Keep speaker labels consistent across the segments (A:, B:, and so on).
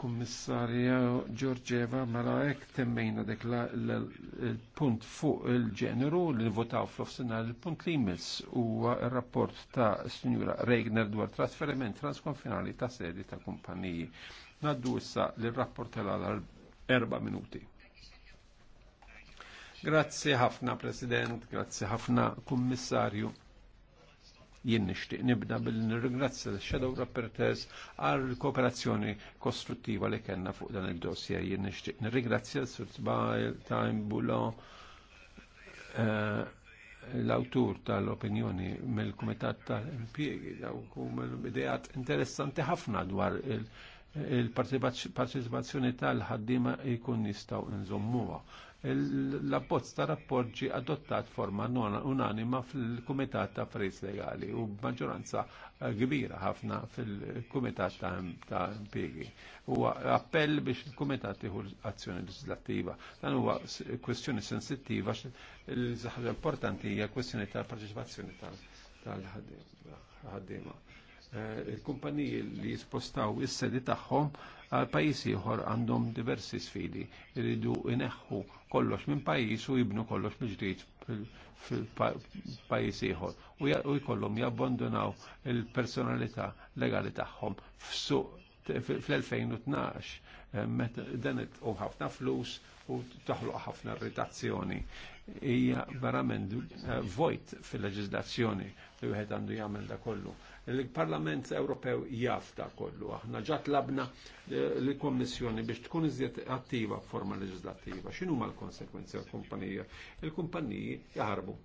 A: Kummissarja Giorgieva mela hekk temmejna dik il-punt fuq il-ġeneru li votaw fl il-punt li jmiss huwa r-rapport ta' signora Regner dwar trasferiment transkonfinali ta' sedi ta' kumpaniji. Naddu issa li rapport tal erba' minuti. Grazzi ħafna President, grazie ħafna Kummissarju. Jien nixtieq nibda billi nirringrazzja l-Shadow Rapporteurs għal kooperazzjoni kostruttiva li kellna fuq dan il-dossier. Jien nixtieq nirringrazzja l-Sur Time Bulo eh, l-autur tal-opinjoni mill-Kumitat tal-Impjegi daw kum ideat interessanti ħafna dwar il- il partizipazzjoni tal-ħaddima jkun nistaw nżommuha. L-abbozz ta' rapport ġi adottat forma unanima fil-Kumitat ta' Affarijiet Legali u b'maġġoranza kbira ħafna fil-Kumitat ta' Impiegi. Huwa appell biex il-Kumitat tieħu azzjoni legislattiva. Dan huwa kwestjoni sensittiva l-ħaġa importanti hija kwestjoni tal-parteċipazzjoni tal-ħaddima Eh, il-kumpaniji li jispostaw is-sedi tagħhom għal pajjiż ieħor għandhom diversi sfidi. jridu ineħħu kollox minn pajjiż u jibnu kollox mill-ġdid fil-pajjiż ieħor u jkollhom jabbandonaw il-personalità legali tagħhom f'suq fl-2012 eh, danet u ħafna flus u taħluq ħafna irritazzjoni. Hija verament eh, vojt fil-leġiżlazzjoni li wieħed għandu jagħmel da kollu. Il-Parlament Ewropew jaf ta' kollu. Aħna ġat labna eh, l-Kommissjoni biex tkun iżjed attiva forma leġislattiva. X'inhu ma l-konsekwenzi għall-kumpanija? Il-kumpaniji jaħarbu.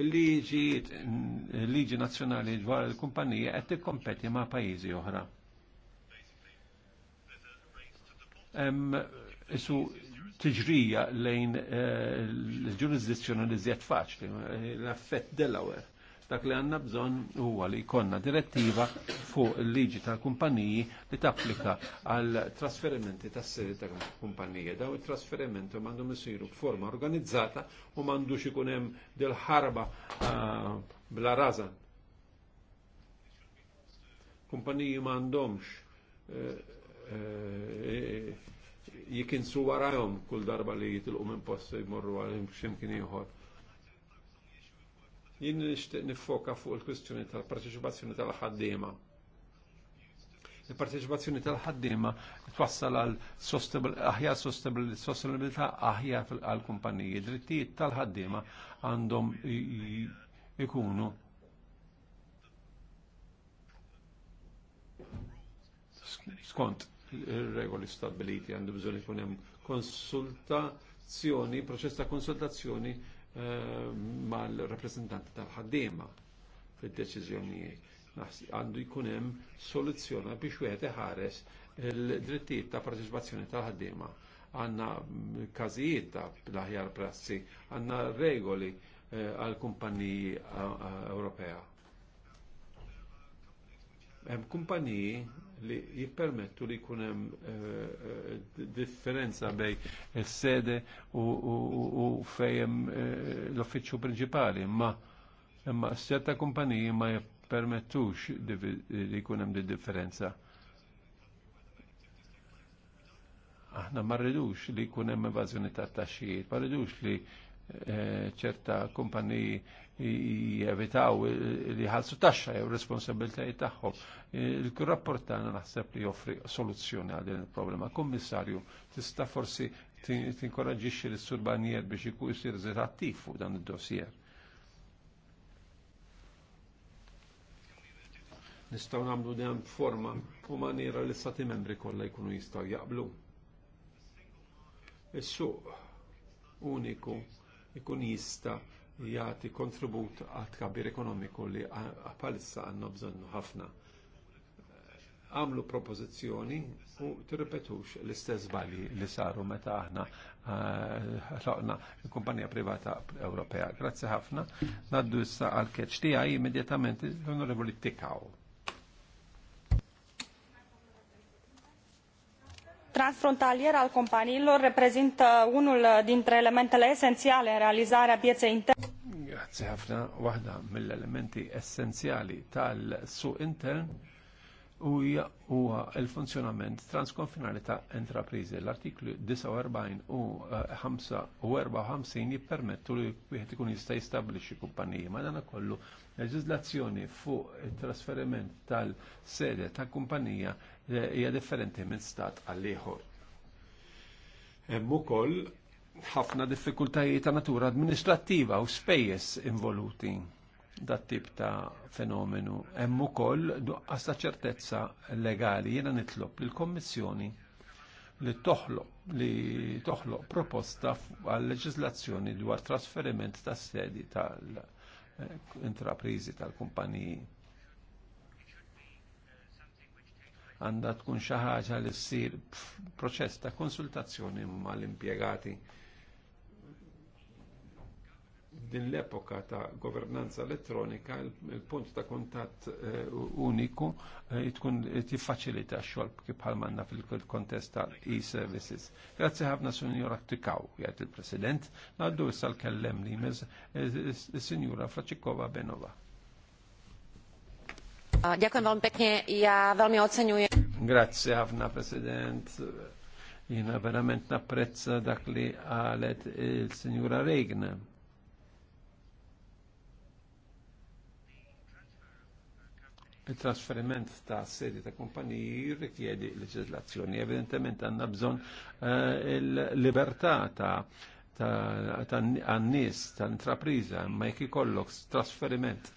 A: Liġi, liġi nazzjonali dwar il-kumpanija qed tikkompeti ma' pajjiżi oħra. Isu tiġrija lejn eh, l-ġurisdizzjoni zjed faċli, l-affett Delaware. Dak li għanna bżon huwa li jkollna direttiva fuq il-liġi tal-kumpaniji li tapplika għal trasferimenti tas sedi ta' kumpanija. Daw it-trasferimenti m'għandhom misiru b'forma organizzata u m'għandux ikun hemm ħarba eh, bla razan. Kumpaniji m'għandhomx eh, jikinsu warajom kull darba li jitilqu minn posta jmorru għal ximkien ieħor. Jien nixtieq nifoka fuq il-kwistjoni tal-parteċipazzjoni tal-ħaddiema. Il-parteċipazzjoni tal-ħaddiema twassal għal aħjar sostenibilità aħjar għal kumpaniji. Drittijiet tal-ħaddiema għandhom ikunu skont regoli stabiliti għandu bżonn ikun hemm konsultazzjoni, proċess ta' konsultazzjoni eh, mal-rappresentanti tal-ħaddiema fid-deċiżjonijiet. Għandu jkun hemm soluzzjoni biex wieħed iħares il-drittijiet ta' parteċipazzjoni tal-ħaddiema. Għandna każijiet ta' l-aħjar prassi, għandna regoli eh, għal-kumpaniji eh, Ewropea Hemm kumpaniji li jippermettu li jkun hemm eh, eh, differenza bej is-sede u fejn eh, l-uffiċċju prinċipali, ma imma s-setta kumpaniji ma jippermettux li jkun hemm di differenza. Aħna ma rridux li jkun hemm evażjoni tat-taxxijiet, ma rridux li Eh, ċerta kumpaniji jevitaw li ħalsu taxxa jew responsabiltajiet tagħhom. Eh, il-rapport tagħna naħseb li joffri soluzzjoni għal din il-problema. Kummissarju, tista' forsi tinkoraġixxi lis surbanijiet biex ikun jsir żied fuq dan id-dossier. Nistgħu nagħmlu dan forma u maniera li stati membri kollha jkunu jistgħu jaqblu. Is-suq uniku ikun jista jagħti kontribut għat kabir ekonomiku li bħalissa għandna bżonnu ħafna. Għamlu propożizzjoni u tirrepetux l-istess bali li saru meta aħna eh, ħloqna l-kumpanija privata Ewropea. Grazzi ħafna. Naddu issa għal-keċ tiegħi immedjatament l-Onorevoli Tikaw. transfrontalier al companiilor reprezintă unul dintre elementele esențiale în realizarea pieței interne. Grazie Hafna. Wahda mill-elementi essenzjali tal su intern huwa l funzjonament transkonfinali ta' intrapriżi. L-artiklu 49 u 54 eh, jippermettu li wieħed ikun jista' jistabbilixxi kumpaniji. Ma dan kollu leġiżlazzjoni fuq it-trasferiment tal-sede ta' kumpanija eh, hija differenti minn stat għal ieħor. Hemm ukoll ħafna diffikultajiet ta' natura administrattiva u spejjeż involuti dat tip ta' fenomenu. Hemm ukoll duqqas ċertezza legali jiena nitlob lill kommissjoni li toħloq li toħlo proposta għal leġislazzjoni dwar trasferiment tas sedi tal-intraprizi eh, tal-kumpaniji. Għandha tkun xi ħaġa li ssir proċess ta' konsultazzjoni mal-impjegati din l-epoka ta' governanza elettronika il-punt ta' kontatt eh, uniku eh, tkun tiffaċilita xogħol kif bħal manna fil-kontest ta' e-services. Grazzi ħafna Sinjura Tikaw, jgħat il-President, għaddu issa l-kellem li mez eh, Sinjura Fraċikova Benova. Ďakujem veľmi pekne, ja veľmi oceňujem. Grazie ħafna, President. Jina verament napprezza dak li għalet il-Sinjura Regna il-trasferiment ta' sedi ta' kumpaniji jirrikjedi leġislazzjoni. Evidentement għanna bżon eh, il-libertà ta' għannis, ta' intrapriza, ma jek ikollok trasferiment,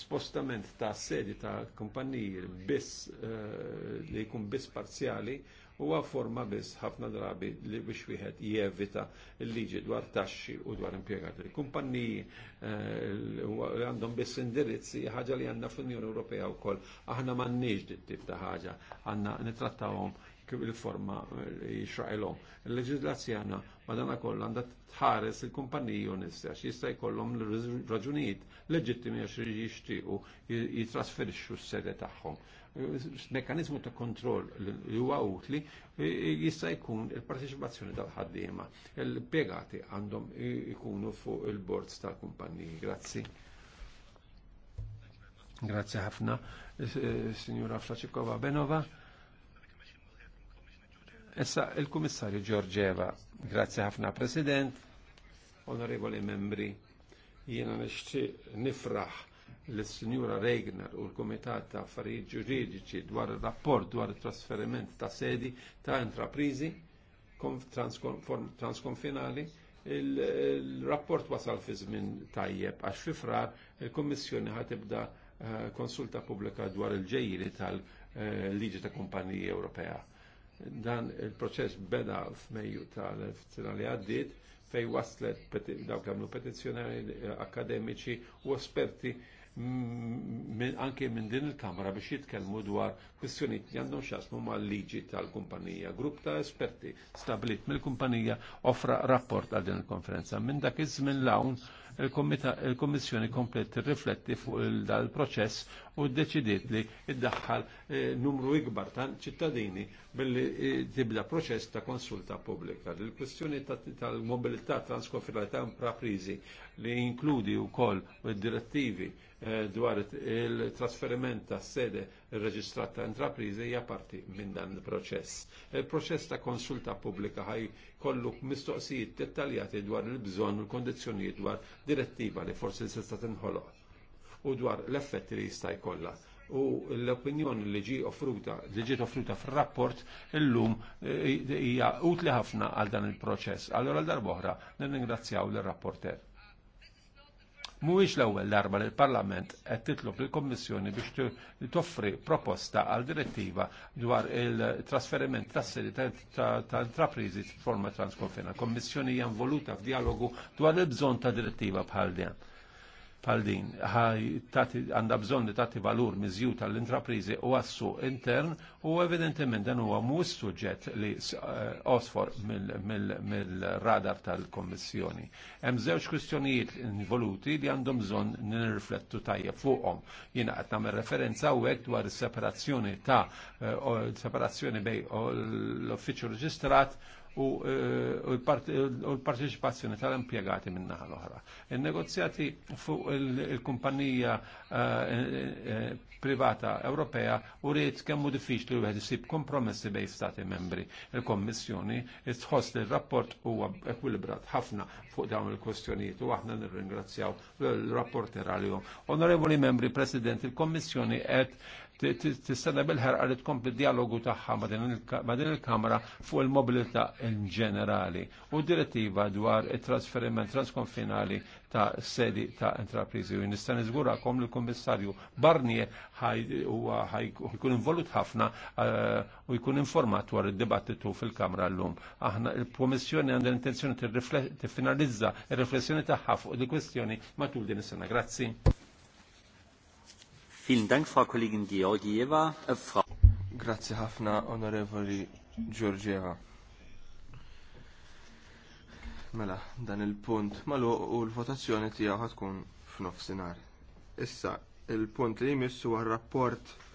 A: spostament ta' sedi ta' kumpaniji biss eh, li jkun biss parzjali huwa forma biss ħafna drabi li biex wieħed jevita l-liġi dwar taxxi u dwar impjegat Il-kumpanniji eh, li għandhom biss indirizzi ħaġa li għandna fl-Unjoni Ewropea wkoll aħna m'għandniex dit tip ta' ħaġa, għandna nitrattawhom kif il-forma eh, jixraqilhom. il leġizlazzjana madana kollha għandha tħares il-kumpaniji onesti jistaj jista' jkollhom raġunijiet leġittimi għax jixtiequ jitrasferixxu s-sede tagħhom. Eh, Mekkanizmu ta' kontroll li huwa utli eh, jista' jkun il-parteċipazzjoni tal-ħaddiema. Il-pjegati għandhom ikunu fuq il-bords tal-kumpaniji. Grazzi. Grazie ħafna, signora Flaċikova Benova. Issa il-Kummissarju Giorgeva, grazzi ħafna President, onorevoli membri, jiena nixtieq nifraħ l-Sinjura Regner u l-Komitat ta' Affarijiet Ġuridiċi dwar ir-rapport dwar it-trasferiment ta' sedi ta' intraprizi transkonfinali il-rapport wasal fi żmien tajjeb għax fi frar il-Kommissjoni ħatibda eh, konsulta pubblika dwar il-ġejjiri tal-Liġi eh, ta' Kumpaniji Ewropea Dan il-proċess beda f'Mejju tal-sena li għaddit fej waslet dawk għamlu petizjonari eh, akademiċi u esperti anke minn din il-Kamra biex jitkellmu dwar kwistjonijiet li għandhom xasmu mal-liġi tal-kumpanija. Grupp ta' esperti stabilit mill-kumpanija offra rapport għal din il-konferenza. Minn dak iż-żmien l għawn il-Kommissjoni komplet rifletti fuq il proċess u d-deċidiet li id-daħħal eh, numru ikbar ta' ċittadini billi eh, tibda proċess ta' konsulta pubblika. Il-kwestjoni tal-mobilità transkonfinalità praprizi li inkludi u koll direttivi eh, dwar il-trasferiment ta' sede reġistrat ta' intraprizi hija parti minn dan il-proċess. Il-proċess ta' konsulta pubblika ħaj kollu mistoqsijiet dettaljati dwar il-bżonn u l-kondizzjonijiet dwar direttiva li forsi s-sista tinħoloq u dwar l-effetti li jista' jkollha u l-opinjoni li ġi offruta, li ġiet offruta fir-rapport illum eh, hija utli ħafna għal dan il-proċess. Allora darboħra, n ningrazzjaw l-rapporter. Mhuwiex l-ewwel darba li l-Parlament qed titlob lill-Kommissjoni biex toffri proposta għal direttiva dwar il-trasferiment tas-seri ta' intrapriżi forma transkonfina. Kommissjoni hija involuta f'dialogu dwar il-bżonn ta' direttiva bħal dan pal din għandha bżonn li tagħti valur miżju tal-intrapriżi u għassu intern u evidentement dan huwa mhux suġġett li eh, osfor mill-radar tal-Kommissjoni. Hemm żewġ kwistjonijiet involuti li għandhom bżonn nirriflettu tajjeb fuqhom. Jiena qed nagħmel referenza hekk dwar is-separazzjoni ta' eh, separazzjoni bej l-offiċċju reġistrat u e, l-parteċipazzjoni tal-impjegati min-naħa l-oħra. Il-negozjati fuq il-kumpanija e, e, privata Ewropea u rrit kemmu diffiċli u għed kompromessi bej stati membri. Il-Kommissjoni tħoss li rapport huwa ekwilibrat ħafna fuq dawn il kwestjoniet u aħna nirringrazzjaw l-rapporter għalihom. Onorevoli membri, President, il-Kommissjoni qed tistenna bil-ħerqa li tkompli dialogu tagħha ma' din il-Kamra fuq il-mobilità ġenerali u direttiva dwar it-trasferiment transkonfinali ta' sedi ta' intrapriżi. U nista' niżgurakom li l-Kummissarju Barnier jkun involut ħafna eh, u jkun informat dwar id-dibattitu fil-Kamra llum. Aħna il-Kummissjoni għandha l-intenzjoni tiffinalizza ir-riflessjoni tagħha fuq di kwestjoni matul din is-sena. Grazzi. Äh, Grazie ħafna, onorevoli Georgieva. Mela, dan il-punt malu u l-votazzjoni tijaw ħatkun f'nofsinhar. Issa, il-punt li jmissu għal rapport